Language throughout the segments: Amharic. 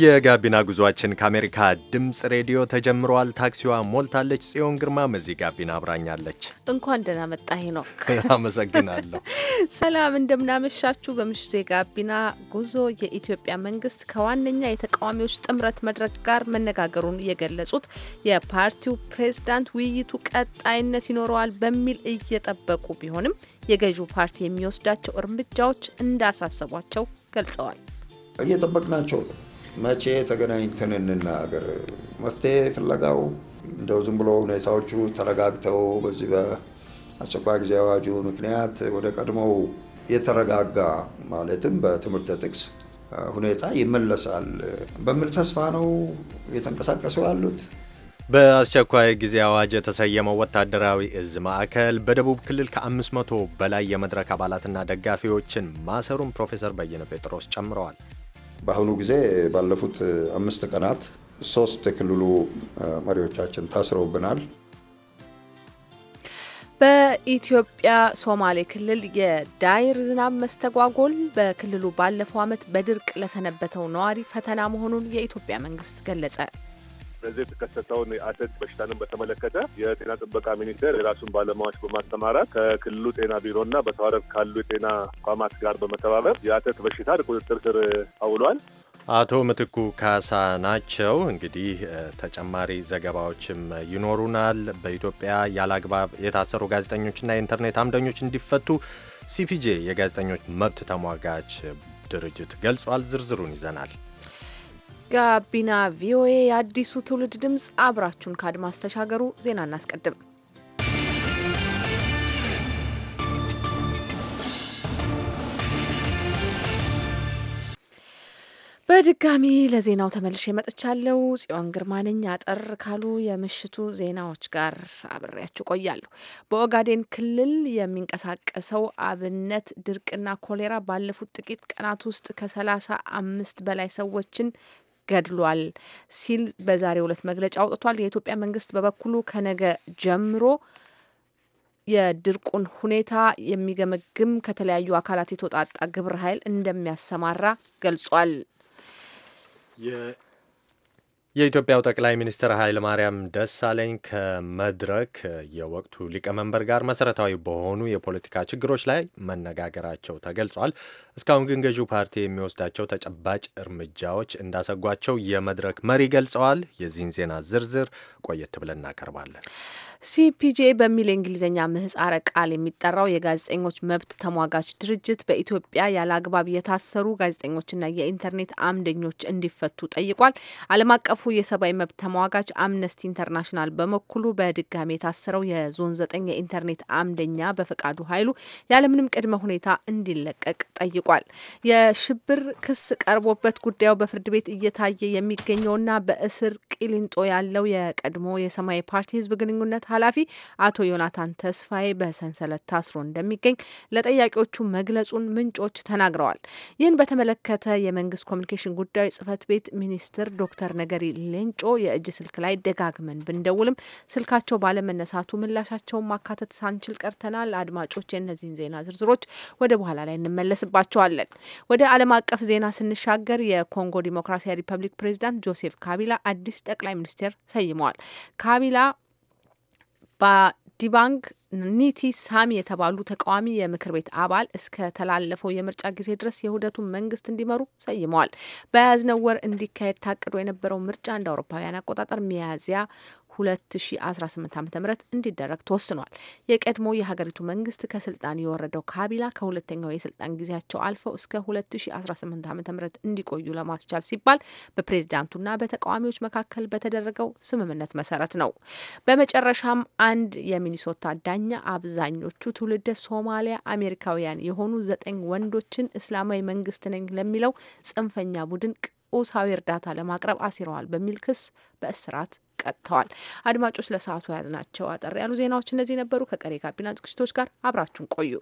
የጋቢና ጉዟችን ከአሜሪካ ድምፅ ሬዲዮ ተጀምረዋል። ታክሲዋ ሞልታለች። ጽዮን ግርማ መዚህ ጋቢና አብራኛለች። እንኳን ደህና መጣ ሄኖክ። አመሰግናለሁ። ሰላም እንደምናመሻችሁ። በምሽቱ የጋቢና ጉዞ የኢትዮጵያ መንግስት ከዋነኛ የተቃዋሚዎች ጥምረት መድረክ ጋር መነጋገሩን የገለጹት የፓርቲው ፕሬዝዳንት ውይይቱ ቀጣይነት ይኖረዋል በሚል እየጠበቁ ቢሆንም የገዢው ፓርቲ የሚወስዳቸው እርምጃዎች እንዳሳሰቧቸው ገልጸዋል። እየጠበቅናቸው መቼ ተገናኝተን እንናገር? መፍትሄ ፍለጋው እንደው ዝም ብሎ ሁኔታዎቹ ተረጋግተው በዚህ በአስቸኳይ ጊዜ አዋጁ ምክንያት ወደ ቀድሞው የተረጋጋ ማለትም በትምህርተ ጥቅስ ሁኔታ ይመለሳል በሚል ተስፋ ነው የተንቀሳቀሱ ያሉት። በአስቸኳይ ጊዜ አዋጅ የተሰየመው ወታደራዊ እዝ ማዕከል በደቡብ ክልል ከአምስት መቶ በላይ የመድረክ አባላትና ደጋፊዎችን ማሰሩን ፕሮፌሰር በየነ ጴጥሮስ ጨምረዋል። በአሁኑ ጊዜ ባለፉት አምስት ቀናት ሶስት የክልሉ መሪዎቻችን ታስረውብናል። በኢትዮጵያ ሶማሌ ክልል የዳይር ዝናብ መስተጓጎል በክልሉ ባለፈው ዓመት በድርቅ ለሰነበተው ነዋሪ ፈተና መሆኑን የኢትዮጵያ መንግስት ገለጸ። በዚህ የተከሰተውን አተት በሽታንም በተመለከተ የጤና ጥበቃ ሚኒስቴር የራሱን ባለሙያዎች በማስተማራት ከክልሉ ጤና ቢሮና በተዋረድ ካሉ የጤና ተቋማት ጋር በመተባበር የአተት በሽታ ቁጥጥር ስር አውሏል። አቶ ምትኩ ካሳ ናቸው። እንግዲህ ተጨማሪ ዘገባዎችም ይኖሩናል። በኢትዮጵያ ያለአግባብ የታሰሩ ጋዜጠኞችና የኢንተርኔት አምደኞች እንዲፈቱ ሲፒጄ የጋዜጠኞች መብት ተሟጋች ድርጅት ገልጿል። ዝርዝሩን ይዘናል። ጋቢና ቪኦኤ የአዲሱ ትውልድ ድምፅ፣ አብራችሁን ከአድማስ ተሻገሩ። ዜና እናስቀድም። በድጋሚ ለዜናው ተመልሼ መጥቻለሁ። ጽዮን ግርማ ነኝ። አጠር ካሉ የምሽቱ ዜናዎች ጋር አብሬያችሁ ቆያለሁ። በኦጋዴን ክልል የሚንቀሳቀሰው አብነት ድርቅና ኮሌራ ባለፉት ጥቂት ቀናት ውስጥ ከሰላሳ አምስት በላይ ሰዎችን ገድሏል ሲል በዛሬው ዕለት መግለጫ አውጥቷል። የኢትዮጵያ መንግስት በበኩሉ ከነገ ጀምሮ የድርቁን ሁኔታ የሚገመግም ከተለያዩ አካላት የተውጣጣ ግብረ ኃይል እንደሚያሰማራ ገልጿል። የኢትዮጵያው ጠቅላይ ሚኒስትር ኃይለማርያም ደሳለኝ ከመድረክ የወቅቱ ሊቀመንበር ጋር መሰረታዊ በሆኑ የፖለቲካ ችግሮች ላይ መነጋገራቸው ተገልጿል። እስካሁን ግን ገዢው ፓርቲ የሚወስዳቸው ተጨባጭ እርምጃዎች እንዳሰጓቸው የመድረክ መሪ ገልጸዋል። የዚህን ዜና ዝርዝር ቆየት ብለን እናቀርባለን። ሲፒጄ በሚል የእንግሊዝኛ ምህጻረ ቃል የሚጠራው የጋዜጠኞች መብት ተሟጋች ድርጅት በኢትዮጵያ ያለ አግባብ የታሰሩ ጋዜጠኞችና የኢንተርኔት አምደኞች እንዲፈቱ ጠይቋል። ዓለም አቀፉ የሰብአዊ መብት ተሟጋች አምነስቲ ኢንተርናሽናል በመኩሉ በድጋሚ የታሰረው የዞን ዘጠኝ የኢንተርኔት አምደኛ በፈቃዱ ኃይሉ ያለምንም ቅድመ ሁኔታ እንዲለቀቅ ጠይቋል። የሽብር ክስ ቀርቦበት ጉዳዩ በፍርድ ቤት እየታየ የሚገኘውና በእስር ቂሊንጦ ያለው የቀድሞ የሰማያዊ ፓርቲ ህዝብ ግንኙነት ኃላፊ አቶ ዮናታን ተስፋዬ በሰንሰለት ታስሮ እንደሚገኝ ለጠያቂዎቹ መግለጹን ምንጮች ተናግረዋል። ይህን በተመለከተ የመንግስት ኮሚኒኬሽን ጉዳዮች ጽህፈት ቤት ሚኒስትር ዶክተር ነገሪ ሌንጮ የእጅ ስልክ ላይ ደጋግመን ብንደውልም ስልካቸው ባለመነሳቱ ምላሻቸውን ማካተት ሳንችል ቀርተናል። አድማጮች የእነዚህን ዜና ዝርዝሮች ወደ በኋላ ላይ እንመለስባቸዋለን። ወደ ዓለም አቀፍ ዜና ስንሻገር የኮንጎ ዲሞክራሲያዊ ሪፐብሊክ ፕሬዚዳንት ጆሴፍ ካቢላ አዲስ ጠቅላይ ሚኒስቴር ሰይመዋል። ካቢላ በዲባንግ ኒቲ ሳሚ የተባሉ ተቃዋሚ የምክር ቤት አባል እስከ ተላለፈው የምርጫ ጊዜ ድረስ የውህደቱን መንግስት እንዲመሩ ሰይመዋል። በያዝነው ወር እንዲካሄድ ታቅዶ የነበረው ምርጫ እንደ አውሮፓውያን አቆጣጠር ሚያዝያ 2018 ዓ ም እንዲደረግ ተወስኗል። የቀድሞ የሀገሪቱ መንግስት ከስልጣን የወረደው ካቢላ ከሁለተኛው የስልጣን ጊዜያቸው አልፈው እስከ 2018 ዓ ም እንዲቆዩ ለማስቻል ሲባል በፕሬዚዳንቱና በተቃዋሚዎች መካከል በተደረገው ስምምነት መሰረት ነው። በመጨረሻም አንድ የሚኒሶታ ዳኛ አብዛኞቹ ትውልደ ሶማሊያ አሜሪካውያን የሆኑ ዘጠኝ ወንዶችን እስላማዊ መንግስት ነኝ ለሚለው ጽንፈኛ ቡድን ቁሳዊ እርዳታ ለማቅረብ አሲረዋል በሚል ክስ በእስራት ቀጥተዋል። አድማጮች ለሰዓቱ የያዝናቸው አጠር ያሉ ዜናዎች እነዚህ ነበሩ። ከቀሪ ጋቢና ዝግጅቶች ጋር አብራችሁን ቆዩ።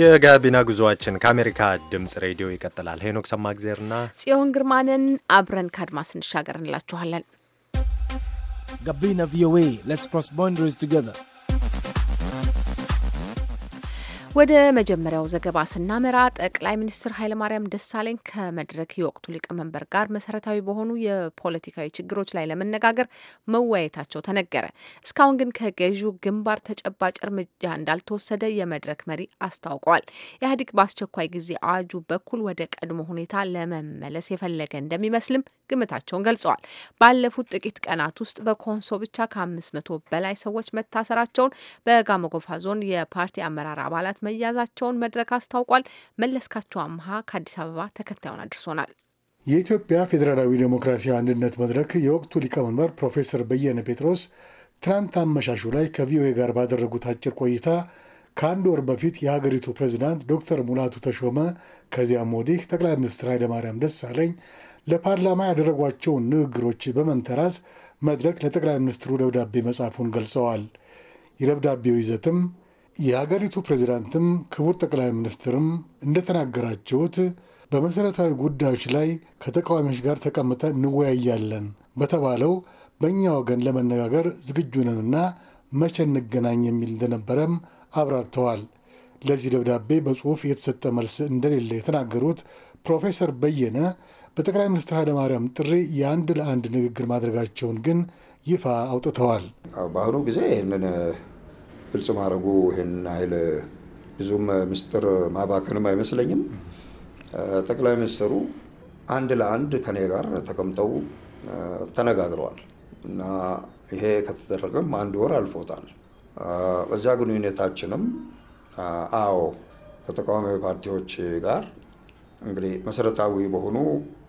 የጋቢና ጉዞአችን ከአሜሪካ ድምጽ ሬዲዮ ይቀጥላል። ሄኖክ ሰማግዜርና ጽዮን ግርማንን አብረን ከአድማስ እንሻገር እንላችኋለን። ጋቢና ቪኦኤ ሌትስ ክሮስ ባውንደሪስ ቱጌዘር ወደ መጀመሪያው ዘገባ ስናመራ ጠቅላይ ሚኒስትር ኃይለማርያም ደሳለኝ ከመድረክ የወቅቱ ሊቀመንበር ጋር መሰረታዊ በሆኑ የፖለቲካዊ ችግሮች ላይ ለመነጋገር መወያየታቸው ተነገረ። እስካሁን ግን ከገዢው ግንባር ተጨባጭ እርምጃ እንዳልተወሰደ የመድረክ መሪ አስታውቋል። ኢህአዴግ በአስቸኳይ ጊዜ አዋጁ በኩል ወደ ቀድሞ ሁኔታ ለመመለስ የፈለገ እንደሚመስልም ግምታቸውን ገልጸዋል። ባለፉት ጥቂት ቀናት ውስጥ በኮንሶ ብቻ ከአምስት መቶ በላይ ሰዎች መታሰራቸውን በጋሞጎፋ ዞን የፓርቲ አመራር አባላት በእስራት መያዛቸውን መድረክ አስታውቋል። መለስካቸው አምሃ ከአዲስ አበባ ተከታዩን አድርሶናል። የኢትዮጵያ ፌዴራላዊ ዴሞክራሲያዊ አንድነት መድረክ የወቅቱ ሊቀመንበር ፕሮፌሰር በየነ ጴጥሮስ ትናንት አመሻሹ ላይ ከቪኦኤ ጋር ባደረጉት አጭር ቆይታ ከአንድ ወር በፊት የሀገሪቱ ፕሬዚዳንት ዶክተር ሙላቱ ተሾመ ከዚያም ወዲህ ጠቅላይ ሚኒስትር ኃይለማርያም ደሳለኝ ለፓርላማ ያደረጓቸውን ንግግሮች በመንተራስ መድረክ ለጠቅላይ ሚኒስትሩ ደብዳቤ መጻፉን ገልጸዋል። የደብዳቤው ይዘትም የአገሪቱ ፕሬዚዳንትም ክቡር ጠቅላይ ሚኒስትርም እንደተናገራችሁት በመሠረታዊ ጉዳዮች ላይ ከተቃዋሚዎች ጋር ተቀምጠን እንወያያለን በተባለው በእኛ ወገን ለመነጋገር ዝግጁ ነንና መቼ እንገናኝ የሚል እንደነበረም አብራርተዋል። ለዚህ ደብዳቤ በጽሑፍ የተሰጠ መልስ እንደሌለ የተናገሩት ፕሮፌሰር በየነ በጠቅላይ ሚኒስትር ኃይለማርያም ጥሪ የአንድ ለአንድ ንግግር ማድረጋቸውን ግን ይፋ አውጥተዋል። በአሁኑ ጊዜ ይህንን ግልጽ ማድረጉ ይህን ኃይል ብዙም ምስጢር ማባከንም አይመስለኝም። ጠቅላይ ሚኒስትሩ አንድ ለአንድ ከኔ ጋር ተቀምጠው ተነጋግረዋል እና ይሄ ከተደረገም አንድ ወር አልፎታል። በዚያ ግንኙነታችንም አዎ ከተቃዋሚ ፓርቲዎች ጋር እንግዲህ መሰረታዊ በሆኑ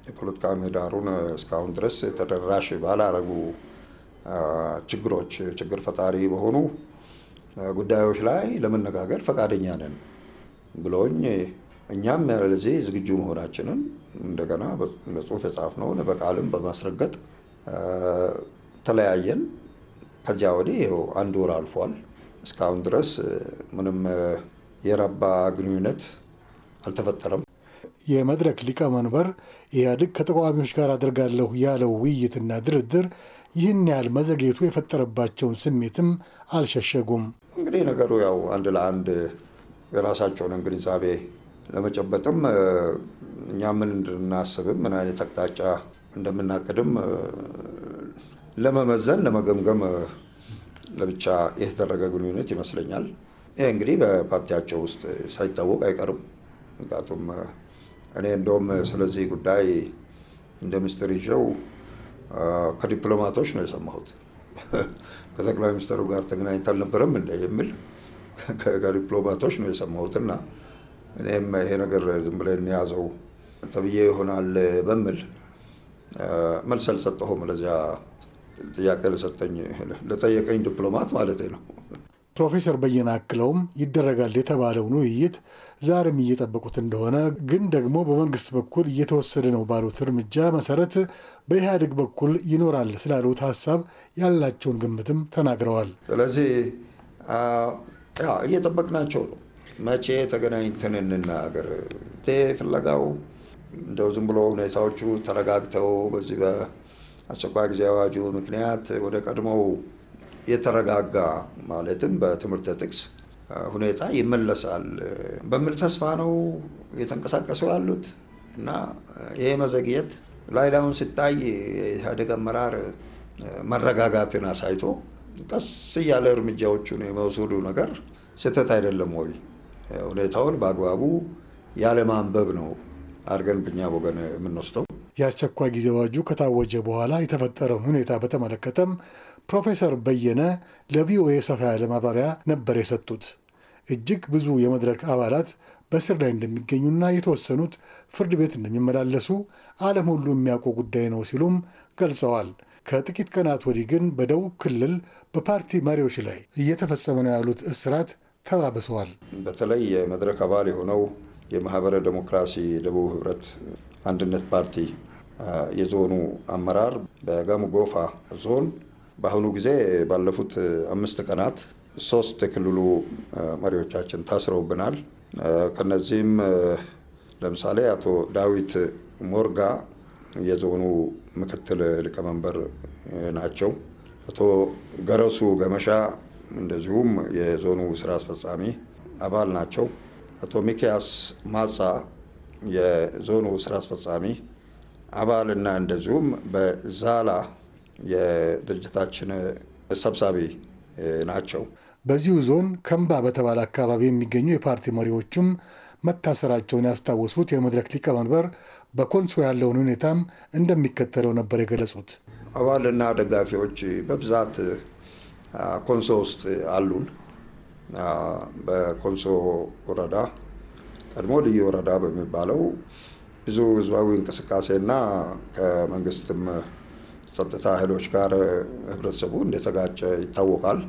የፖለቲካ ምህዳሩን እስካሁን ድረስ ተደራሽ ባላረጉ ችግሮች ችግር ፈጣሪ በሆኑ ጉዳዮች ላይ ለመነጋገር ፈቃደኛ ነን ብሎኝ እኛም ለዚህ ዝግጁ መሆናችንን እንደገና በጽሁፍ የጻፍነውን በቃልም በማስረገጥ ተለያየን። ከዚያ ወዲህ ይኸው አንድ ወር አልፏል። እስካሁን ድረስ ምንም የረባ ግንኙነት አልተፈጠረም። የመድረክ ሊቀመንበር ኢህአዴግ ከተቃዋሚዎች ጋር አድርጋለሁ ያለው ውይይትና ድርድር ይህን ያህል መዘግየቱ የፈጠረባቸውን ስሜትም አልሸሸጉም። እንግዲህ ነገሩ ያው አንድ ለአንድ የራሳቸውን ግንዛቤ ለመጨበጥም እኛ ምን እንድናስብም ምን አይነት አቅጣጫ እንደምናቅድም ለመመዘን ለመገምገም ለብቻ የተደረገ ግንኙነት ይመስለኛል። ይህ እንግዲህ በፓርቲያቸው ውስጥ ሳይታወቅ አይቀርም። ምክንያቱም እኔ እንደውም ስለዚህ ጉዳይ እንደ ምስጢር ይዤው ከዲፕሎማቶች ነው የሰማሁት። ከጠቅላይ ሚኒስትሩ ጋር ተገናኝተ አልነበረም እንደ የሚል ከዲፕሎማቶች ነው የሰማሁት። የሰማሁትና እኔም ይሄ ነገር ዝም ብለን ያዘው ተብዬ ይሆናል በሚል መልስ አልሰጠሁም ለዚያ ጥያቄ ለሰጠኝ ለጠየቀኝ ዲፕሎማት ማለት ነው። ፕሮፌሰር በየነ አክለውም ይደረጋል የተባለውን ውይይት ዛሬም እየጠበቁት እንደሆነ ግን ደግሞ በመንግስት በኩል እየተወሰደ ነው ባሉት እርምጃ መሰረት በኢህአዴግ በኩል ይኖራል ስላሉት ሀሳብ ያላቸውን ግምትም ተናግረዋል። ስለዚህ እየጠበቅናቸው ነው። መቼ ተገናኝተን እንናገር ፍለጋው እንደው ዝም ብሎ ሁኔታዎቹ ተረጋግተው በዚህ በአስቸኳይ ጊዜ አዋጁ ምክንያት ወደ ቀድሞው የተረጋጋ ማለትም በትምህርተ ጥቅስ ሁኔታ ይመለሳል በሚል ተስፋ ነው የተንቀሳቀሱ ያሉት እና ይሄ መዘግየት ላይ ላሁን ሲታይ የኢህአዴግ አመራር መረጋጋትን አሳይቶ ቀስ እያለ እርምጃዎቹን የመውሰዱ ነገር ስህተት አይደለም ወይ? ሁኔታውን በአግባቡ ያለማንበብ ነው አድርገን ብኛ ወገን የምንወስደው። የአስቸኳይ ጊዜ አዋጁ ከታወጀ በኋላ የተፈጠረውን ሁኔታ በተመለከተም ፕሮፌሰር በየነ ለቪኦኤ ሰፋ ያለ ማብራሪያ ነበር የሰጡት። እጅግ ብዙ የመድረክ አባላት በስር ላይ እንደሚገኙና የተወሰኑት ፍርድ ቤት እንደሚመላለሱ ዓለም ሁሉ የሚያውቁ ጉዳይ ነው ሲሉም ገልጸዋል። ከጥቂት ቀናት ወዲህ ግን በደቡብ ክልል በፓርቲ መሪዎች ላይ እየተፈጸመ ነው ያሉት እስራት ተባብሰዋል። በተለይ የመድረክ አባል የሆነው የማህበረ ዴሞክራሲ ደቡብ ህብረት አንድነት ፓርቲ የዞኑ አመራር በጋሙጎፋ ጎፋ ዞን በአሁኑ ጊዜ ባለፉት አምስት ቀናት ሶስት የክልሉ መሪዎቻችን ታስረውብናል። ከነዚህም ለምሳሌ አቶ ዳዊት ሞርጋ የዞኑ ምክትል ሊቀመንበር ናቸው። አቶ ገረሱ ገመሻ እንደዚሁም የዞኑ ስራ አስፈጻሚ አባል ናቸው። አቶ ሚኪያስ ማጻ የዞኑ ስራ አስፈጻሚ አባልና እንደዚሁም በዛላ የድርጅታችን ሰብሳቢ ናቸው። በዚሁ ዞን ከምባ በተባለ አካባቢ የሚገኙ የፓርቲ መሪዎችም መታሰራቸውን ያስታወሱት የመድረክ ሊቀመንበር በኮንሶ ያለውን ሁኔታም እንደሚከተለው ነበር የገለጹት። አባልና ደጋፊዎች በብዛት ኮንሶ ውስጥ አሉን። በኮንሶ ወረዳ ቀድሞ ልዩ ወረዳ በሚባለው ብዙ ህዝባዊ እንቅስቃሴና ከመንግስትም ጸጥታ ኃይሎች ጋር ህብረተሰቡ እንደተጋጨ ይታወቃል።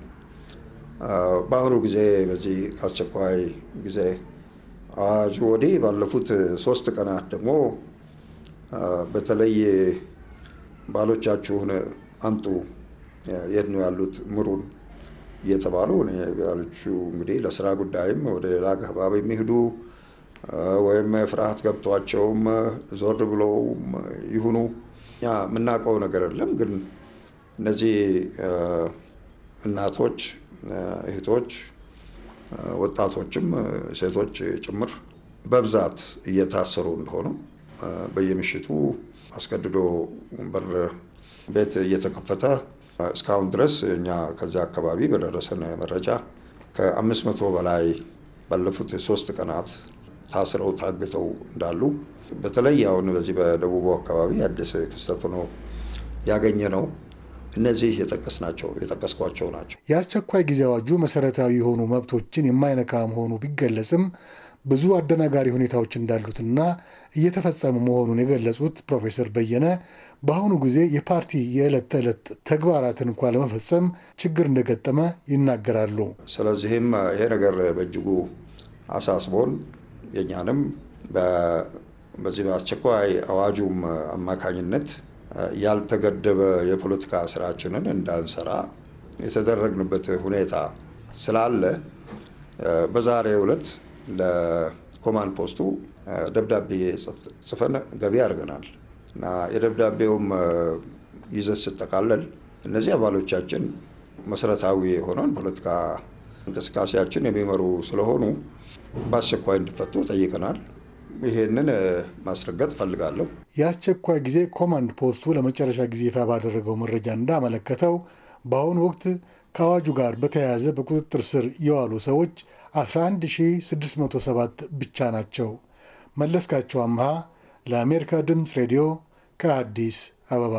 በአሁኑ ጊዜ በዚህ ከአስቸኳይ ጊዜ አዋጁ ወዲህ ባለፉት ሶስት ቀናት ደግሞ በተለይ ባሎቻችሁን አምጡ የት ነው ያሉት ምሩን እየተባሉ ባሎቹ እንግዲህ ለስራ ጉዳይም ወደ ሌላ አካባቢ የሚሄዱ ወይም ፍርሃት ገብቷቸውም ዞር ብለውም ይሁኑ እኛ የምናውቀው ነገር የለም። ግን እነዚህ እናቶች፣ እህቶች፣ ወጣቶችም ሴቶች ጭምር በብዛት እየታሰሩ እንደሆኑ በየምሽቱ አስገድዶ በር ቤት እየተከፈተ እስካሁን ድረስ እኛ ከዚያ አካባቢ በደረሰን መረጃ ከአምስት መቶ በላይ ባለፉት ሶስት ቀናት ታስረው ታግተው እንዳሉ በተለይ አሁን በዚህ በደቡቡ አካባቢ አዲስ ክስተት ሆኖ ያገኘ ነው። እነዚህ ናቸው የጠቀስኳቸው ናቸው። የአስቸኳይ ጊዜ አዋጁ መሰረታዊ የሆኑ መብቶችን የማይነካ መሆኑ ቢገለጽም ብዙ አደናጋሪ ሁኔታዎች እንዳሉትና እየተፈጸሙ መሆኑን የገለጹት ፕሮፌሰር በየነ በአሁኑ ጊዜ የፓርቲ የዕለት ተዕለት ተግባራትን እንኳ ለመፈጸም ችግር እንደገጠመ ይናገራሉ። ስለዚህም ይሄ ነገር በእጅጉ አሳስቦን የእኛንም በዚህ በአስቸኳይ አዋጁም አማካኝነት ያልተገደበ የፖለቲካ ስራችንን እንዳንሰራ የተደረግንበት ሁኔታ ስላለ በዛሬ ዕለት ለኮማንድ ፖስቱ ደብዳቤ ጽፈን ገቢ አድርገናል እና የደብዳቤውም ይዘት ስጠቃለል እነዚህ አባሎቻችን መሰረታዊ የሆነውን ፖለቲካ እንቅስቃሴያችን የሚመሩ ስለሆኑ በአስቸኳይ እንዲፈቱ ጠይቀናል። ይሄንን ማስረገጥ ፈልጋለሁ። የአስቸኳይ ጊዜ ኮማንድ ፖስቱ ለመጨረሻ ጊዜ ይፋ ባደረገው መረጃ እንዳመለከተው በአሁኑ ወቅት ከአዋጁ ጋር በተያያዘ በቁጥጥር ስር የዋሉ ሰዎች 11607 ብቻ ናቸው። መለስካቸው አምሃ ለአሜሪካ ድምፅ ሬዲዮ ከአዲስ አበባ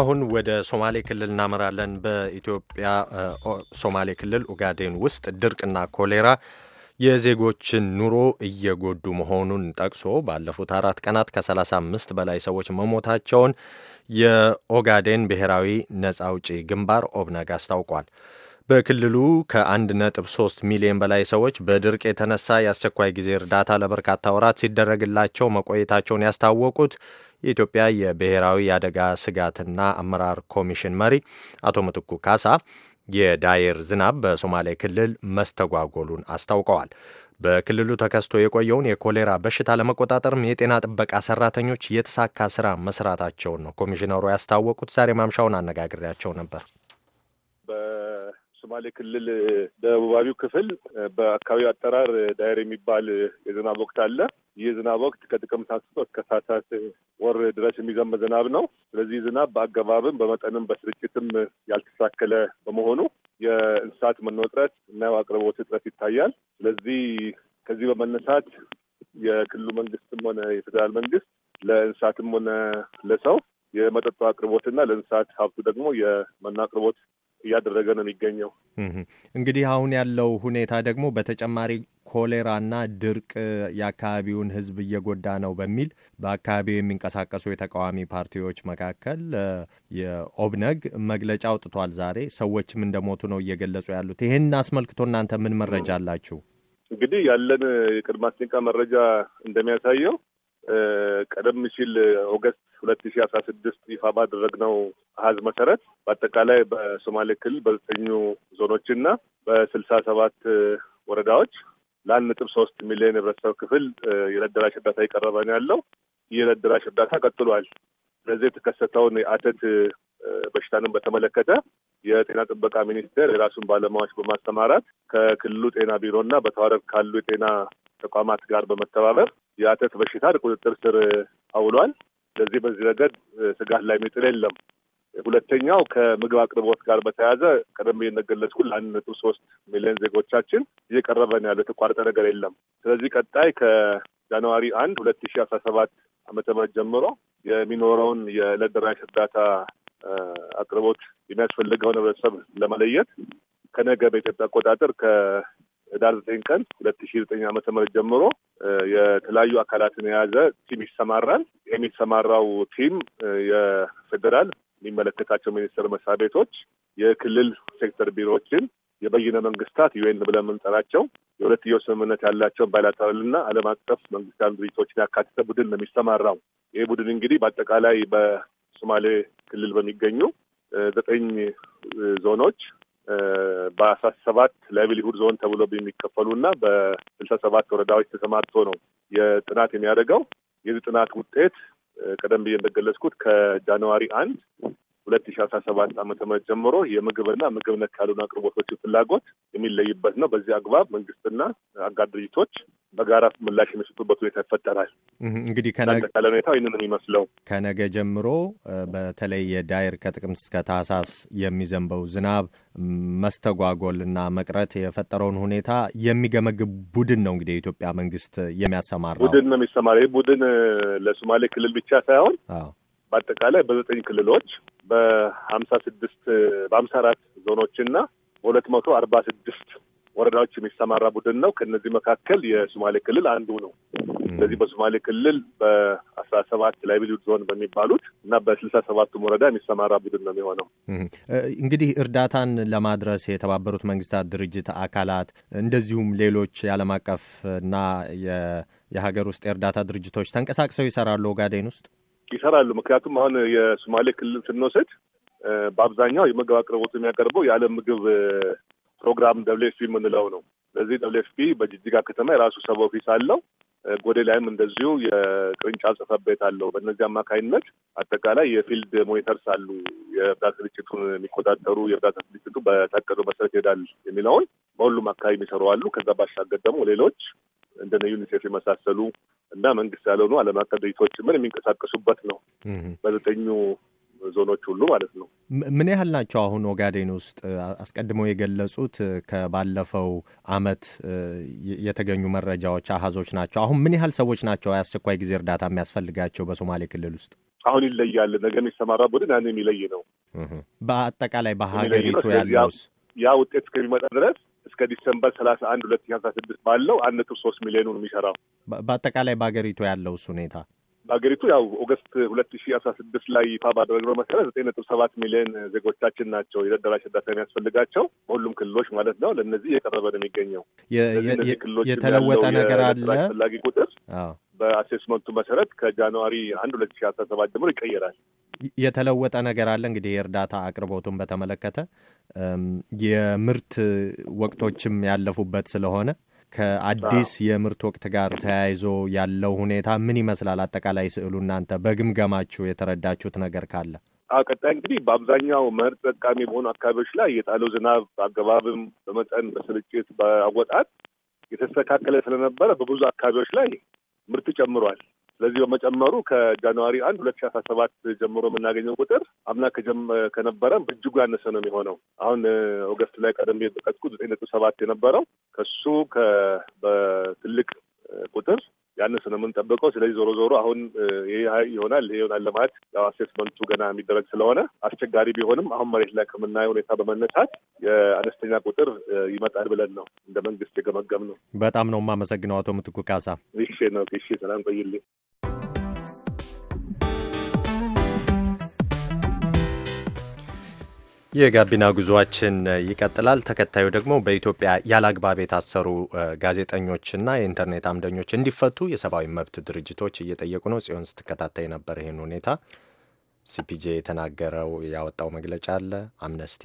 አሁን ወደ ሶማሌ ክልል እናመራለን። በኢትዮጵያ ሶማሌ ክልል ኡጋዴን ውስጥ ድርቅና ኮሌራ የዜጎችን ኑሮ እየጎዱ መሆኑን ጠቅሶ ባለፉት አራት ቀናት ከ35 በላይ ሰዎች መሞታቸውን የኦጋዴን ብሔራዊ ነጻ አውጪ ግንባር ኦብነግ አስታውቋል። በክልሉ ከ1.3 ሚሊዮን በላይ ሰዎች በድርቅ የተነሳ የአስቸኳይ ጊዜ እርዳታ ለበርካታ ወራት ሲደረግላቸው መቆየታቸውን ያስታወቁት የኢትዮጵያ የብሔራዊ የአደጋ ስጋትና አመራር ኮሚሽን መሪ አቶ ምትኩ ካሳ የዳየር ዝናብ በሶማሌ ክልል መስተጓጎሉን አስታውቀዋል። በክልሉ ተከስቶ የቆየውን የኮሌራ በሽታ ለመቆጣጠርም የጤና ጥበቃ ሰራተኞች የተሳካ ስራ መስራታቸውን ነው ኮሚሽነሩ ያስታወቁት። ዛሬ ማምሻውን አነጋግሬያቸው ነበር። በሶማሌ ክልል ደቡባዊው ክፍል በአካባቢው አጠራር ዳየር የሚባል የዝናብ ወቅት አለ። ይህ ዝናብ ወቅት ከጥቅምት አንስቶ እስከ ታህሳስ ወር ድረስ የሚዘንብ ዝናብ ነው። ስለዚህ ዝናብ በአገባብም በመጠንም በስርጭትም ያልተሳከለ በመሆኑ የእንስሳት መኖ እጥረት እና አቅርቦት እጥረት ይታያል። ስለዚህ ከዚህ በመነሳት የክልሉ መንግስትም ሆነ የፌዴራል መንግስት ለእንስሳትም ሆነ ለሰው የመጠጡ አቅርቦትና ለእንስሳት ሀብቱ ደግሞ የመኖ አቅርቦት እያደረገ ነው የሚገኘው። እንግዲህ አሁን ያለው ሁኔታ ደግሞ በተጨማሪ ኮሌራና ድርቅ የአካባቢውን ሕዝብ እየጎዳ ነው በሚል በአካባቢው የሚንቀሳቀሱ የተቃዋሚ ፓርቲዎች መካከል የኦብነግ መግለጫ አውጥቷል ዛሬ። ሰዎችም እንደሞቱ ነው እየገለጹ ያሉት። ይህን አስመልክቶ እናንተ ምን መረጃ አላችሁ? እንግዲህ ያለን የቅድመ መረጃ እንደሚያሳየው ቀደም ሲል ኦገስት ሁለት ሺ አስራ ስድስት ይፋ ባደረግነው አሀዝ መሰረት በአጠቃላይ በሶማሌ ክልል በዘጠኙ ዞኖችና በስልሳ ሰባት ወረዳዎች ለአንድ ነጥብ ሶስት ሚሊዮን ህብረተሰብ ክፍል የዕለት ደራሽ እርዳታ እየቀረበ ነው ያለው። ይህ የዕለት ደራሽ እርዳታ ቀጥሏል። ስለዚህ የተከሰተውን የአተት በሽታንም በተመለከተ የጤና ጥበቃ ሚኒስቴር የራሱን ባለሙያዎች በማስተማራት ከክልሉ ጤና ቢሮና በተዋረድ ካሉ የጤና ተቋማት ጋር በመተባበር የአተት በሽታን ቁጥጥር ስር አውሏል። ስለዚህ በዚህ ረገድ ስጋት ላይ የሚጥል የለም። ሁለተኛው ከምግብ አቅርቦት ጋር በተያያዘ ቀደም እንደገለጽኩ ለአንድ ነጥብ ሶስት ሚሊዮን ዜጎቻችን እየቀረበ ነው ያለው። የተቋረጠ ነገር የለም። ስለዚህ ቀጣይ ከጃንዋሪ አንድ ሁለት ሺ አስራ ሰባት ዓመተ ምህረት ጀምሮ የሚኖረውን የዕለት ደራሽ እርዳታ አቅርቦት የሚያስፈልገውን ህብረተሰብ ለመለየት ከነገ በኢትዮጵያ አቆጣጠር ህዳር ዘጠኝ ቀን ሁለት ሺ ዘጠኝ ዓመተ ምህረት ጀምሮ የተለያዩ አካላትን የያዘ ቲም ይሰማራል። የሚሰማራው ቲም የፌዴራል የሚመለከታቸው ሚኒስቴር መስሪያ ቤቶች፣ የክልል ሴክተር ቢሮዎችን፣ የበይነ መንግስታት ዩኤን ብለን የምንጠራቸው የሁለትዮሽ ስምምነት ያላቸውን ባይላተራል እና ዓለም አቀፍ መንግስታዊ ድርጅቶችን ያካተተ ቡድን ነው የሚሰማራው። ይህ ቡድን እንግዲህ በአጠቃላይ በሶማሌ ክልል በሚገኙ ዘጠኝ ዞኖች በአስራ ሰባት ላይቭሊሁድ ዞን ተብሎ የሚከፈሉ እና በስልሳ ሰባት ወረዳዎች ተሰማርቶ ነው የጥናት የሚያደርገው። የዚህ ጥናት ውጤት ቀደም ብዬ እንደገለጽኩት ከጃንዋሪ አንድ ሁለት ሺ አስራ ሰባት አመተ ምህረት ጀምሮ የምግብና ምግብ ነክ ያልሆኑ አቅርቦቶች ፍላጎት የሚለይበት ነው። በዚህ አግባብ መንግስትና አጋር ድርጅቶች በጋራ ምላሽ የሚሰጡበት ሁኔታ ይፈጠራል። እንግዲህ ካለ ሁኔታ ይህንን ይመስለው ከነገ ጀምሮ በተለይ የዳይር ከጥቅምት እስከ ታህሳስ የሚዘንበው ዝናብ መስተጓጎልና መቅረት የፈጠረውን ሁኔታ የሚገመግብ ቡድን ነው እንግዲህ የኢትዮጵያ መንግስት የሚያሰማራ ቡድን ነው የሚሰማራ ይህ ቡድን ለሶማሌ ክልል ብቻ ሳይሆን በአጠቃላይ በዘጠኝ ክልሎች በሀምሳ ስድስት በሀምሳ አራት ዞኖችና በሁለት መቶ አርባ ስድስት ወረዳዎች የሚሰማራ ቡድን ነው። ከእነዚህ መካከል የሶማሌ ክልል አንዱ ነው። ስለዚህ በሶማሌ ክልል በአስራ ሰባት ላይብሊሁድ ዞን በሚባሉት እና በስልሳ ሰባቱም ወረዳ የሚሰማራ ቡድን ነው የሚሆነው። እንግዲህ እርዳታን ለማድረስ የተባበሩት መንግስታት ድርጅት አካላት እንደዚሁም ሌሎች የዓለም አቀፍ እና የሀገር ውስጥ የእርዳታ ድርጅቶች ተንቀሳቅሰው ይሰራሉ ኦጋዴን ውስጥ ይሰራሉ። ምክንያቱም አሁን የሶማሌ ክልል ስንወስድ በአብዛኛው የምግብ አቅርቦት የሚያቀርበው የዓለም ምግብ ፕሮግራም ደብሊው ኤፍፒ የምንለው ነው። ስለዚህ ደብሊው በጅጅጋ ከተማ የራሱ ሰብ ኦፊስ አለው። ጎዴ ላይም እንደዚሁ የቅርንጫፍ ጽሕፈት ቤት አለው። በእነዚህ አማካኝነት አጠቃላይ የፊልድ ሞኒተርስ አሉ። የእርዳታ ስርጭቱን የሚቆጣጠሩ የእርዳታ ስርጭቱ በታቀደው መሰረት ይሄዳል የሚለውን በሁሉም አካባቢ የሚሰሩ አሉ። ከዛ ባሻገር ደግሞ ሌሎች እንደነ ዩኒሴፍ የመሳሰሉ እና መንግስት ያልሆኑ ዓለም አቀፍ ድርጅቶች ምን የሚንቀሳቀሱበት ነው በዘጠኙ ዞኖች ሁሉ ማለት ነው። ምን ያህል ናቸው አሁን ኦጋዴን ውስጥ? አስቀድመው የገለጹት ከባለፈው አመት የተገኙ መረጃዎች አሀዞች ናቸው። አሁን ምን ያህል ሰዎች ናቸው የአስቸኳይ ጊዜ እርዳታ የሚያስፈልጋቸው በሶማሌ ክልል ውስጥ? አሁን ይለያል። ነገ የሚሰማራ ቡድን ያን የሚለይ ነው። በአጠቃላይ በሀገሪቱ ያለውስ ያ ውጤት እስከሚመጣ ድረስ እስከ ዲሰምበር ሰላሳ አንድ ሁለት ሺህ አስራ ስድስት ባለው አንድ ነጥብ ሶስት ሚሊዮኑ ነው የሚሰራው። በአጠቃላይ በሀገሪቱ ያለው እሱ ሁኔታ በሀገሪቱ ያው ኦገስት ሁለት ሺ አስራ ስድስት ላይ ይፋ ባደረግነው መሰረት ዘጠኝ ነጥብ ሰባት ሚሊዮን ዜጎቻችን ናቸው የደራሽ እርዳታ የሚያስፈልጋቸው በሁሉም ክልሎች ማለት ነው። ለእነዚህ እየቀረበ ነው የሚገኘው። የተለወጠ ነገር አለ አስፈላጊ ቁጥር በአሴስመንቱ መሰረት ከጃንዋሪ አንድ ሁለት ሺ አስራ ሰባት ጀምሮ ይቀየራል። የተለወጠ ነገር አለ እንግዲህ የእርዳታ አቅርቦቱን በተመለከተ የምርት ወቅቶችም ያለፉበት ስለሆነ ከአዲስ የምርት ወቅት ጋር ተያይዞ ያለው ሁኔታ ምን ይመስላል? አጠቃላይ ስዕሉ እናንተ በግምገማችሁ የተረዳችሁት ነገር ካለ ቀጣይ እንግዲህ በአብዛኛው መኸር ጠቃሚ በሆኑ አካባቢዎች ላይ የጣለው ዝናብ በአገባብም፣ በመጠን፣ በስርጭት፣ በአወጣት የተስተካከለ ስለነበረ በብዙ አካባቢዎች ላይ ምርት ጨምሯል። ስለዚህ በመጨመሩ ከጃንዋሪ አንድ ሁለት ሺ አስራ ሰባት ጀምሮ የምናገኘው ቁጥር አምና ከነበረም በእጅጉ ያነሰ ነው የሚሆነው። አሁን ኦገስት ላይ ቀደም የጠቀስኩት ዘጠኝ ነጥብ ሰባት የነበረው ከሱ በትልቅ ቁጥር ያንን ስለምንጠብቀው ስለዚህ ዞሮ ዞሮ አሁን ይህ ይሆናል ይህ ይሆናል ለማለት አሴስመንቱ ገና የሚደረግ ስለሆነ አስቸጋሪ ቢሆንም አሁን መሬት ላይ ከምናየው ሁኔታ በመነሳት የአነስተኛ ቁጥር ይመጣል ብለን ነው እንደ መንግስት የገመገም ነው። በጣም ነው የማመሰግነው አቶ ምትኩ ካሳ። ይሽ ነው ይሽ ሰላም ቆይልኝ። የጋቢና ጉዟችን ይቀጥላል። ተከታዩ ደግሞ በኢትዮጵያ ያላግባብ የታሰሩ ጋዜጠኞችና የኢንተርኔት አምደኞች እንዲፈቱ የሰብአዊ መብት ድርጅቶች እየጠየቁ ነው። ጽዮን ስትከታተል ነበር ይህን ሁኔታ። ሲፒጄ የተናገረው ያወጣው መግለጫ አለ አምነስቲ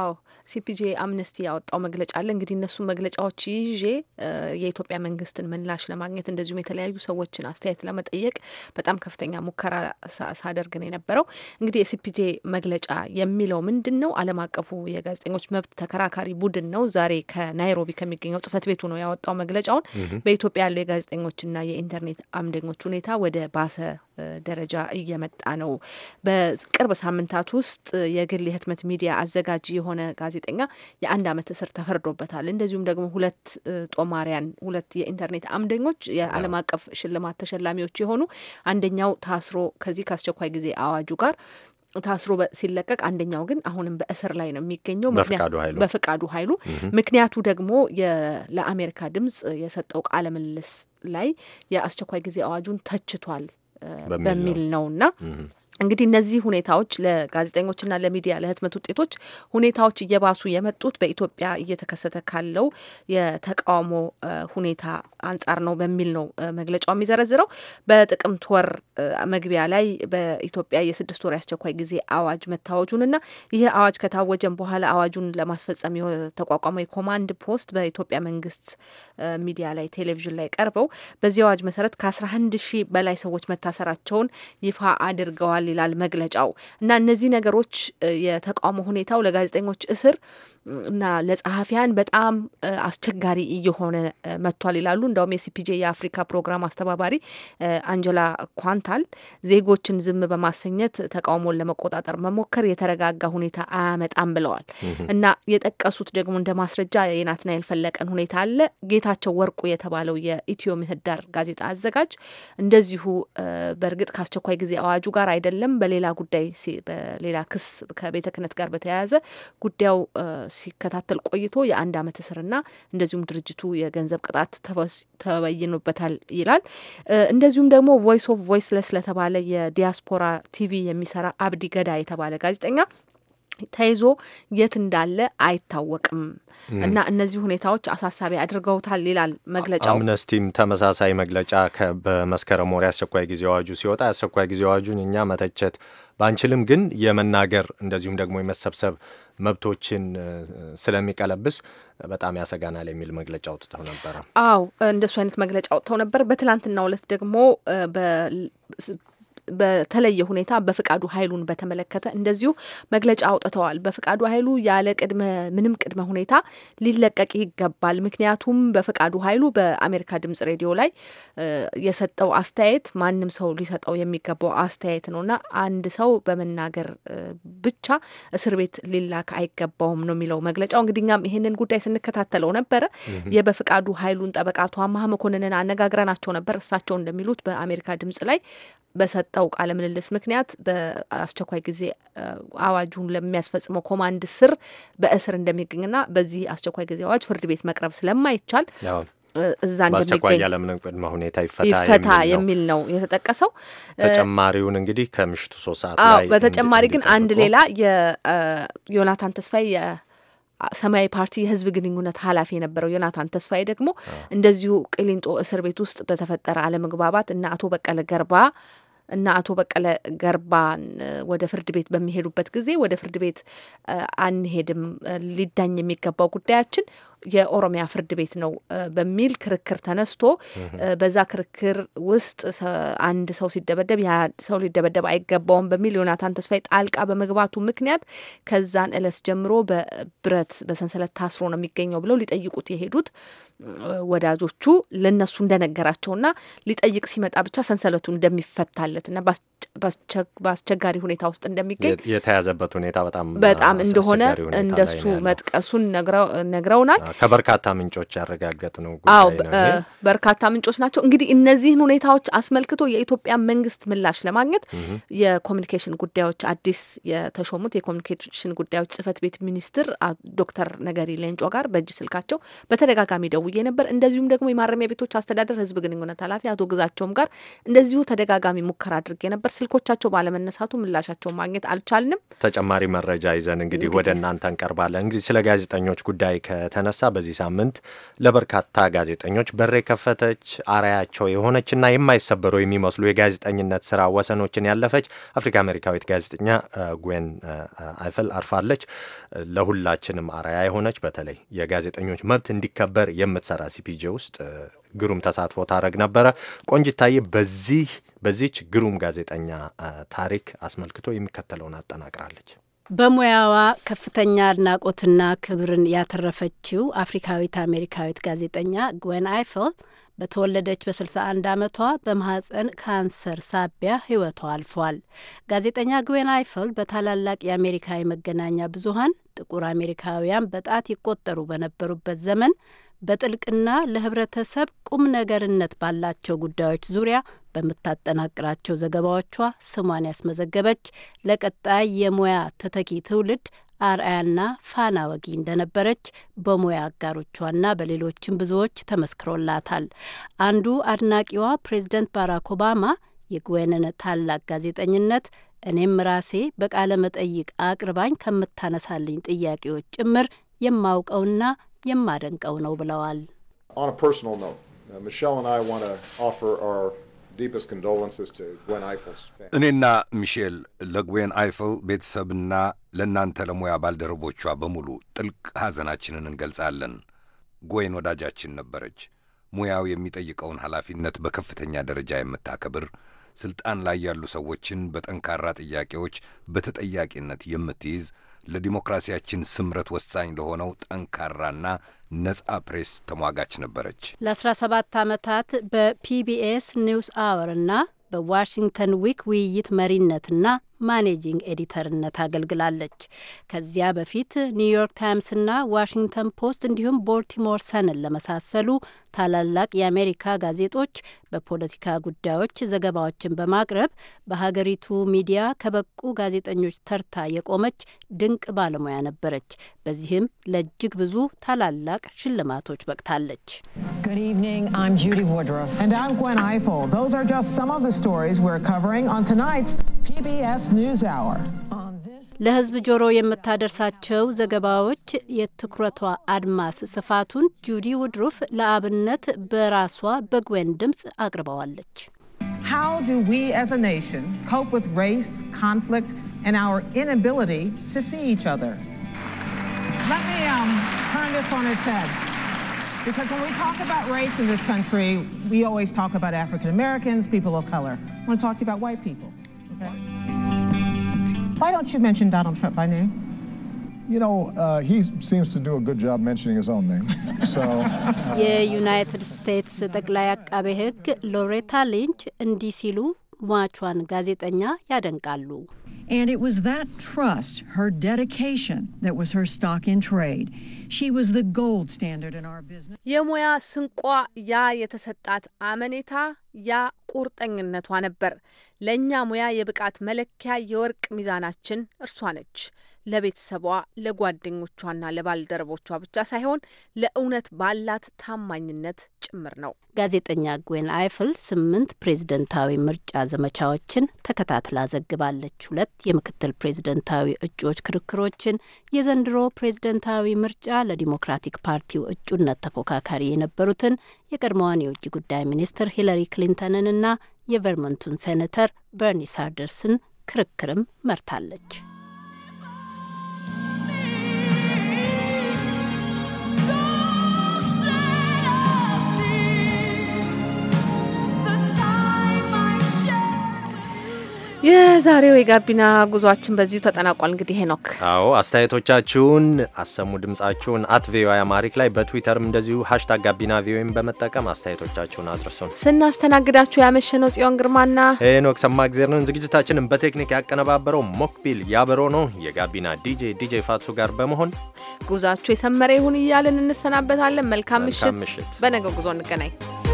አዎ ሲፒጄ አምነስቲ ያወጣው መግለጫ አለ። እንግዲህ እነሱ መግለጫዎች ይዤ የኢትዮጵያ መንግስትን ምላሽ ለማግኘት እንደዚሁም የተለያዩ ሰዎችን አስተያየት ለመጠየቅ በጣም ከፍተኛ ሙከራ ሳደርግ ነው የነበረው። እንግዲህ የሲፒጄ መግለጫ የሚለው ምንድን ነው? ዓለም አቀፉ የጋዜጠኞች መብት ተከራካሪ ቡድን ነው ዛሬ ከናይሮቢ ከሚገኘው ጽህፈት ቤቱ ነው ያወጣው መግለጫውን። በኢትዮጵያ ያለው የጋዜጠኞችና የኢንተርኔት አምደኞች ሁኔታ ወደ ባሰ ደረጃ እየመጣ ነው። በቅርብ ሳምንታት ውስጥ የግል የህትመት ሚዲያ አዘጋጅ የሆነ ጋዜጠኛ የአንድ አመት እስር ተፈርዶበታል። እንደዚሁም ደግሞ ሁለት ጦማሪያን፣ ሁለት የኢንተርኔት አምደኞች የዓለም አቀፍ ሽልማት ተሸላሚዎች የሆኑ አንደኛው ታስሮ ከዚህ ከአስቸኳይ ጊዜ አዋጁ ጋር ታስሮ ሲለቀቅ አንደኛው ግን አሁንም በእስር ላይ ነው የሚገኘው። በፍቃዱ ኃይሉ ምክንያቱ ደግሞ ለአሜሪካ ድምጽ የሰጠው ቃለ ምልልስ ላይ የአስቸኳይ ጊዜ አዋጁን ተችቷል በሚል እና እንግዲህ እነዚህ ሁኔታዎች ለጋዜጠኞችና ለሚዲያ ለህትመት ውጤቶች ሁኔታዎች እየባሱ የመጡት በኢትዮጵያ እየተከሰተ ካለው የተቃውሞ ሁኔታ አንጻር ነው በሚል ነው መግለጫው የሚዘረዝረው። በጥቅምት ወር መግቢያ ላይ በኢትዮጵያ የስድስት ወር ያስቸኳይ ጊዜ አዋጅ መታወጁን እና ይህ አዋጅ ከታወጀን በኋላ አዋጁን ለማስፈጸም የተቋቋመው የኮማንድ ፖስት በኢትዮጵያ መንግስት ሚዲያ ላይ ቴሌቪዥን ላይ ቀርበው በዚህ አዋጅ መሰረት ከ11 ሺህ በላይ ሰዎች መታሰራቸውን ይፋ አድርገዋል ይላል መግለጫው። እና እነዚህ ነገሮች የተቃውሞ ሁኔታው ለጋዜጠኞች እስር እና ለጸሐፊያን በጣም አስቸጋሪ እየሆነ መጥቷል ይላሉ። እንደውም የሲፒጄ የአፍሪካ ፕሮግራም አስተባባሪ አንጀላ ኳንታል ዜጎችን ዝም በማሰኘት ተቃውሞን ለመቆጣጠር መሞከር የተረጋጋ ሁኔታ አያመጣም ብለዋል። እና የጠቀሱት ደግሞ እንደ ማስረጃ የናትናኤል ፈለቀን ሁኔታ አለ። ጌታቸው ወርቁ የተባለው የኢትዮ ምህዳር ጋዜጣ አዘጋጅ እንደዚሁ በእርግጥ ከአስቸኳይ ጊዜ አዋጁ ጋር አይደለም በሌላ ጉዳይ በሌላ ክስ ከቤተ ክህነት ጋር በተያያዘ ጉዳዩ ሲከታተል ቆይቶ የአንድ ዓመት እስርና እንደዚሁም ድርጅቱ የገንዘብ ቅጣት ተበይኖበታል ይላል። እንደዚሁም ደግሞ ቮይስ ኦፍ ቮይስለስ ለተባለ የዲያስፖራ ቲቪ የሚሰራ አብዲ ገዳ የተባለ ጋዜጠኛ ተይዞ የት እንዳለ አይታወቅም እና እነዚህ ሁኔታዎች አሳሳቢ አድርገውታል ይላል መግለጫው። አምነስቲም ተመሳሳይ መግለጫ በመስከረም ወር ያሰኳይ ጊዜ አዋጁ ሲወጣ የአስቸኳይ ጊዜ አዋጁን እኛ መተቸት ባንችልም ግን የመናገር እንደዚሁም ደግሞ የመሰብሰብ መብቶችን ስለሚቀለብስ በጣም ያሰጋናል የሚል መግለጫ አውጥተው ነበረ። አዎ እንደሱ አይነት መግለጫ አውጥተው ነበር። በትላንትና ዕለት ደግሞ በተለየ ሁኔታ በፍቃዱ ኃይሉን በተመለከተ እንደዚሁ መግለጫ አውጥተዋል። በፍቃዱ ኃይሉ ያለ ቅድመ ምንም ቅድመ ሁኔታ ሊለቀቅ ይገባል። ምክንያቱም በፍቃዱ ኃይሉ በአሜሪካ ድምጽ ሬዲዮ ላይ የሰጠው አስተያየት ማንም ሰው ሊሰጠው የሚገባው አስተያየት ነውና አንድ ሰው በመናገር ብቻ እስር ቤት ሊላክ አይገባውም ነው የሚለው መግለጫው። እንግዲህ እኛም ይሄንን ጉዳይ ስንከታተለው ነበረ። የበፍቃዱ ኃይሉን ጠበቃ አቶ አምሃ መኮንንን አነጋግረናቸው ነበር። እሳቸው እንደሚሉት በአሜሪካ ድምጽ ላይ በሰጠው ቃለ ምልልስ ምክንያት በአስቸኳይ ጊዜ አዋጁን ለሚያስፈጽመው ኮማንድ ስር በእስር እንደሚገኝና በዚህ አስቸኳይ ጊዜ አዋጅ ፍርድ ቤት መቅረብ ስለማይቻል እዛ እንደሚገኝ ያለምንም ቅድመ ሁኔታ ይፈታ የሚል ነው የተጠቀሰው። ተጨማሪውን እንግዲህ ከምሽቱ ሶስት ሰዓት ላይ በተጨማሪ ግን አንድ ሌላ የዮናታን ተስፋዬ ሰማያዊ ፓርቲ የህዝብ ግንኙነት ኃላፊ የነበረው ዮናታን ተስፋዬ ደግሞ እንደዚሁ ቅሊንጦ እስር ቤት ውስጥ በተፈጠረ አለመግባባት እና አቶ በቀለ ገርባ እና አቶ በቀለ ገርባን ወደ ፍርድ ቤት በሚሄዱበት ጊዜ ወደ ፍርድ ቤት አንሄድም፣ ሊዳኝ የሚገባው ጉዳያችን የኦሮሚያ ፍርድ ቤት ነው በሚል ክርክር ተነስቶ በዛ ክርክር ውስጥ አንድ ሰው ሲደበደብ ያ ሰው ሊደበደብ አይገባውም በሚል ዮናታን ተስፋዬ ጣልቃ በመግባቱ ምክንያት ከዛን እለት ጀምሮ በብረት በሰንሰለት ታስሮ ነው የሚገኘው ብለው ሊጠይቁት የሄዱት ወዳጆቹ ለነሱ እንደነገራቸውና ሊጠይቅ ሲመጣ ብቻ ሰንሰለቱ እንደሚፈታለትና በአስቸጋሪ ሁኔታ ውስጥ እንደሚገኝ የተያዘበት ሁኔታ በጣም በጣም እንደሆነ እንደሱ መጥቀሱን ነግረውናል። ከበርካታ ምንጮች ያረጋገጥ ነው። አዎ በርካታ ምንጮች ናቸው። እንግዲህ እነዚህን ሁኔታዎች አስመልክቶ የኢትዮጵያ መንግስት ምላሽ ለማግኘት የኮሚኒኬሽን ጉዳዮች አዲስ የተሾሙት የኮሚኒኬሽን ጉዳዮች ጽህፈት ቤት ሚኒስትር ዶክተር ነገሪ ሌንጮ ጋር በእጅ ስልካቸው በተደጋጋሚ ደው ደውዬ ነበር። እንደዚሁም ደግሞ የማረሚያ ቤቶች አስተዳደር ህዝብ ግንኙነት ኃላፊ አቶ ግዛቸውም ጋር እንደዚሁ ተደጋጋሚ ሙከራ አድርጌ ነበር። ስልኮቻቸው ባለመነሳቱ ምላሻቸውን ማግኘት አልቻልንም። ተጨማሪ መረጃ ይዘን እንግዲህ ወደ እናንተ እንቀርባለን። እንግዲህ ስለ ጋዜጠኞች ጉዳይ ከተነሳ በዚህ ሳምንት ለበርካታ ጋዜጠኞች በር የከፈተች አርያቸው የሆነችና የማይሰበሩ የሚመስሉ የጋዜጠኝነት ስራ ወሰኖችን ያለፈች አፍሪካ አሜሪካዊት ጋዜጠኛ ጉዌን አይፈል አርፋለች። ለሁላችንም አርያ የሆነች በተለይ የጋዜጠኞች መብት እንዲከበር የም በምትሰራ ሲፒጄ ውስጥ ግሩም ተሳትፎ ታደረግ ነበረ። ቆንጅታዬ በዚህ በዚች ግሩም ጋዜጠኛ ታሪክ አስመልክቶ የሚከተለውን አጠናቅራለች። በሙያዋ ከፍተኛ አድናቆትና ክብርን ያተረፈችው አፍሪካዊት አሜሪካዊት ጋዜጠኛ ግዌን አይፈል በተወለደች በ61 ዓመቷ በማህፀን ካንሰር ሳቢያ ህይወቷ አልፏል። ጋዜጠኛ ግዌን አይፈል በታላላቅ የአሜሪካ የመገናኛ ብዙሀን ጥቁር አሜሪካውያን በጣት ይቆጠሩ በነበሩበት ዘመን በጥልቅና ለህብረተሰብ ቁም ነገርነት ባላቸው ጉዳዮች ዙሪያ በምታጠናቅራቸው ዘገባዎቿ ስሟን ያስመዘገበች ለቀጣይ የሙያ ተተኪ ትውልድ አርአያና ፋና ወጊ እንደነበረች በሙያ አጋሮቿና በሌሎችም ብዙዎች ተመስክሮላታል። አንዱ አድናቂዋ ፕሬዝደንት ባራክ ኦባማ የግዌንን ታላቅ ጋዜጠኝነት እኔም ራሴ በቃለ መጠይቅ አቅርባኝ ከምታነሳልኝ ጥያቄዎች ጭምር የማውቀውና የማደንቀው ነው ብለዋል። uh, እኔና ሚሼል ለግዌን አይፍል ቤተሰብና ለእናንተ ለሙያ ባልደረቦቿ በሙሉ ጥልቅ ሐዘናችንን እንገልጻለን። ጎይን ወዳጃችን ነበረች። ሙያው የሚጠይቀውን ኃላፊነት በከፍተኛ ደረጃ የምታከብር ስልጣን ላይ ያሉ ሰዎችን በጠንካራ ጥያቄዎች በተጠያቂነት የምትይዝ ለዲሞክራሲያችን ስምረት ወሳኝ ለሆነው ጠንካራና ነጻ ፕሬስ ተሟጋች ነበረች። ለ17 ዓመታት በፒቢኤስ ኒውስ አወር እና በዋሽንግተን ዊክ ውይይት መሪነትና ማኔጂንግ ኤዲተርነት አገልግላለች። ከዚያ በፊት ኒውዮርክ ታይምስና ዋሽንግተን ፖስት እንዲሁም ቦልቲሞር ሰንን ለመሳሰሉ ታላላቅ የአሜሪካ ጋዜጦች በፖለቲካ ጉዳዮች ዘገባዎችን በማቅረብ በሀገሪቱ ሚዲያ ከበቁ ጋዜጠኞች ተርታ የቆመች ድንቅ ባለሙያ ነበረች። በዚህም ለእጅግ ብዙ ታላላቅ ሽልማቶች በቅታለች። Good evening. I'm Judy Woodruff. And I'm Gwen Eiffel. Those are just some of the stories we're covering on tonight's PBS NewsHour. ለሕዝብ ጆሮ የምታደርሳቸው ዘገባዎች የትኩረቷ አድማስ ስፋቱን ጁዲ ውድሩፍ ለአብነት በራሷ በግዌን ድምፅ አቅርበዋለች። How do we as a nation cope with race, conflict, and our inability to see each other? Let me um, turn this on its head. Because when we talk about race in this country, we always talk about African Americans, people of color. I want to talk to you about white people. Okay? Why don't you mention Donald Trump by name? You know, uh, he seems to do a good job mentioning his own name. So, uh, የዩናይትድ ስቴትስ ጠቅላይ አቃቤ ሕግ ሎሬታ ሊንች እንዲህ ሲሉ ሟቿን ጋዜጠኛ ያደንቃሉ። የሙያ ስንቋ ያ የተሰጣት አመኔታ፣ ያ ቁርጠኝነቷ ነበር። ለእኛ ሙያ የብቃት መለኪያ የወርቅ ሚዛናችን እርሷ ነች። ለቤተሰቧ ለጓደኞቿና ለባልደረቦቿ ብቻ ሳይሆን ለእውነት ባላት ታማኝነት ጭምር ነው። ጋዜጠኛ ጉዌን አይፍል ስምንት ፕሬዝደንታዊ ምርጫ ዘመቻዎችን ተከታትላ ዘግባለች። ሁለት የምክትል ፕሬዝደንታዊ እጩዎች ክርክሮችን፣ የዘንድሮ ፕሬዝደንታዊ ምርጫ ለዲሞክራቲክ ፓርቲው እጩነት ተፎካካሪ የነበሩትን የቀድሞዋን የውጭ ጉዳይ ሚኒስትር ሂለሪ ክሊንተንንና የቨርመንቱን ሴኔተር በርኒ ሳንደርስን ክርክርም መርታለች። የዛሬው የጋቢና ጉዟችን በዚሁ ተጠናቋል። እንግዲህ ሄኖክ፣ አዎ አስተያየቶቻችሁን አሰሙ፣ ድምጻችሁን አት ቪኦ አማሪክ ላይ በትዊተርም እንደዚሁ ሀሽታግ ጋቢና ቪኦኤን በመጠቀም አስተያየቶቻችሁን አድርሱን። ስናስተናግዳችሁ ያመሸነው ጽዮን ግርማና ሄኖክ ሰማእግዜርን፣ ዝግጅታችንን በቴክኒክ ያቀነባበረው ሞክቢል ያበሮ ነው። የጋቢና ዲጄ ዲጄ ፋቱ ጋር በመሆን ጉዟችሁ የሰመረ ይሁን እያልን እንሰናበታለን። መልካም ምሽት። በነገው ጉዞ እንገናኝ።